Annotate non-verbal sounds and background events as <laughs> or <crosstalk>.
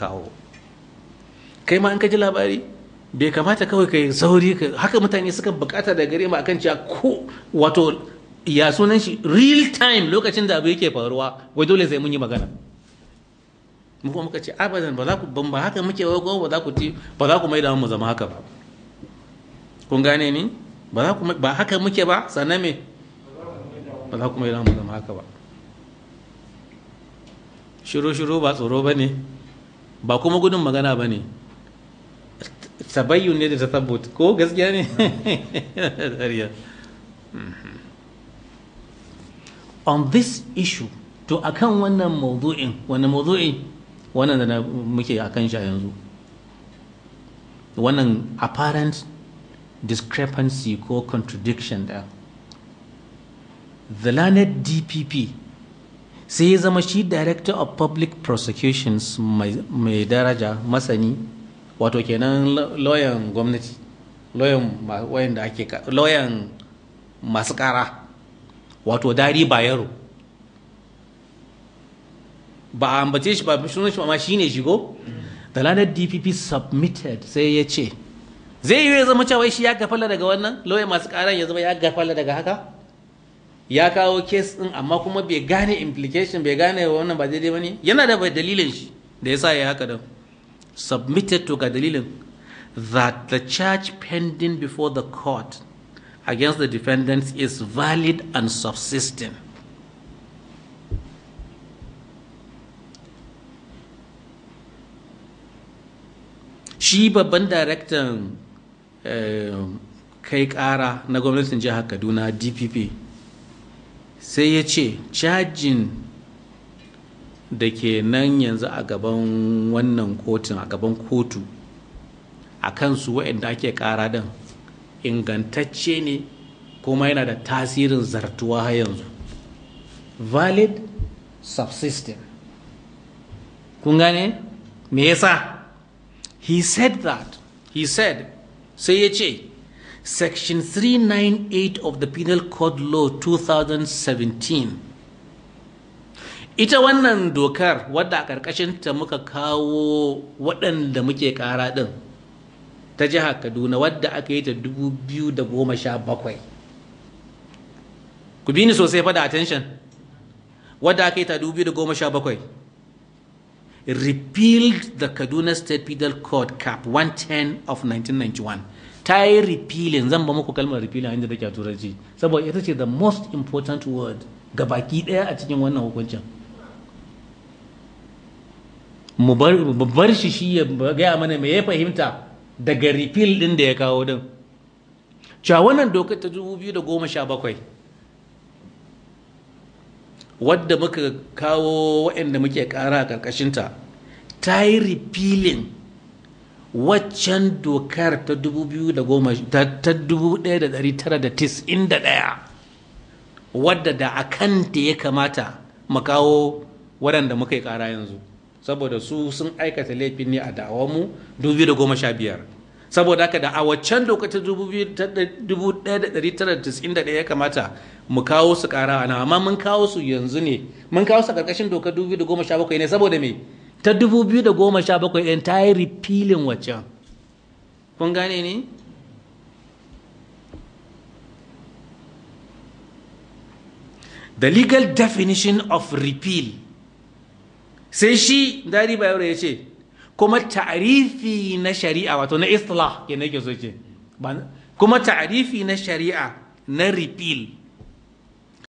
kawo kai ma an ka ji labari bai kamata kawai ka yi sauri haka mutane suka bukata da gare mu akan cewa ko wato ya sunan shi real time lokacin da abu yake faruwa wai dole zai mun yi magana mu kuma muka ce abadan ba za ku ban ba haka muke wai ba za ku ti ba za ku mai da mu zama haka ba kun gane ni ba za ku ba haka muke ba sannan me ba za ku mai da mu zama haka ba shiru shiru ba tsoro ba ne ba kuma gudun magana ba ne tabayyun ne da ta tabbut ko gaskiya ne <laughs> mm-hmm. on this issue to akan wannan mawdu'in wannan mawdu'in wannan da muke akan shi a yanzu wannan apparent discrepancy ko contradiction da the learned dpp sai ya zama shi director of public prosecutions mai daraja masani wato kenan lauyan gwamnati masu kara wato dari bayero ba a ambace shi ba shi ma ne shigo da lanar dpp submitted sai ya ce zai yi zama cewa shi ya gafala daga wannan lauyan masu karan ya zama ya gafala daga haka ya kawo kes din amma kuma bai gane implication bai gane wannan ba daidai bane yana da bai dalilin shi da yasa ya haka don submitted to ga dalilin that the charge pending before the court against the defendants is valid and subsisting shi babban daraktan eh, kai kara na gwamnatin jihar kaduna dpp sai ya ce cajin da ke nan yanzu a gaban wannan kotun a gaban kotu a kansu waɗanda ake ƙara ɗin ingantacce ne kuma yana da tasirin zartuwa har yanzu valid subsystem kun gane me yasa he said that he said sai ya ce Section 398 of the Penal Code Law 2017. Ita wannan dokar wadda a ta muka kawo waɗanda muke ƙara ɗin ta jihar Kaduna wadda aka yi ta 2017. Ku bi ni sosai fada attention. Wadda aka yi ta 2017. repealed the Kaduna State Penal Code Cap 110 of 1991. ta yi repealing zan ba muku kalmar repealing inda take a turanci saboda ita ce the most important word ga baki daya a cikin wannan hukuncin mu bar shi shi ya gaya mana me ya fahimta daga repeal din da ya kawo din cewa wannan dokar ta 2017 wadda muka kawo waɗanda muke ƙara a ƙarƙashinta ta yi repealing waccan dokar ta 1991 wadda da a kanta ya kamata makawo waɗanda muka yi ƙara yanzu saboda su sun aikata laifin ne a da'awarmu 2015 saboda haka da a waccan doka ta 1991 ya kamata mu kawo su ƙara ana amma mun kawo su yanzu ne mun kawo su a ƙarƙashin doka 2017 ne saboda me ta 2017 ɗin ta yi repealing waccan kun gane ne the legal definition of repeal sai shi dari bayar ya ce kuma ta'arifi na shari'a wato na islah ke nake so ce kuma ta'arifi na shari'a na repeal